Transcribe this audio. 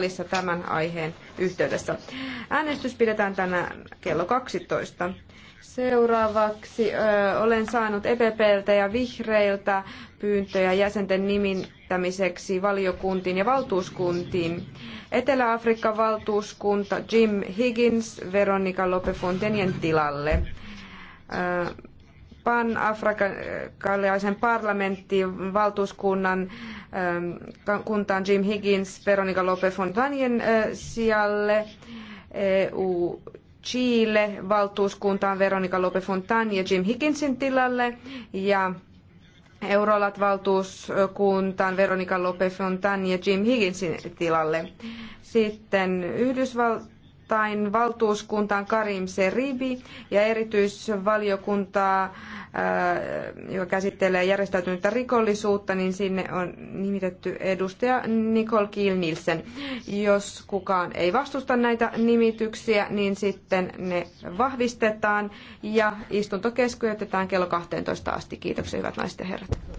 salissa tämän aiheen yhteydessä. Äänestys pidetään tänään kello 12. Seuraavaksi ö, olen saanut EPPltä ja Vihreiltä pyyntöjä jäsenten nimittämiseksi valiokuntiin ja valtuuskuntiin. Etelä-Afrikan valtuuskunta Jim Higgins Veronika Lopefontenien tilalle. Ö, pan parlamentin parlamenttiin valtuuskunnan ähm, kuntaan Jim Higgins Veronica Lope Fontanien äh, sijalle. EU Chile valtuuskuntaan Veronica Lope Fontan ja Jim Higginsin tilalle ja Eurolat valtuuskuntaan Veronica Lope Fontan ja Jim Higginsin tilalle. Sitten Yhdysvallat Hiljattain valtuuskuntaan Karim Seribi ja erityisvaliokuntaa, äh, joka käsittelee järjestäytynyttä rikollisuutta, niin sinne on nimitetty edustaja Nicole Kiel Nielsen. Jos kukaan ei vastusta näitä nimityksiä, niin sitten ne vahvistetaan ja istunto keskeytetään kello 12 asti. Kiitoksia hyvät naiset ja herrat.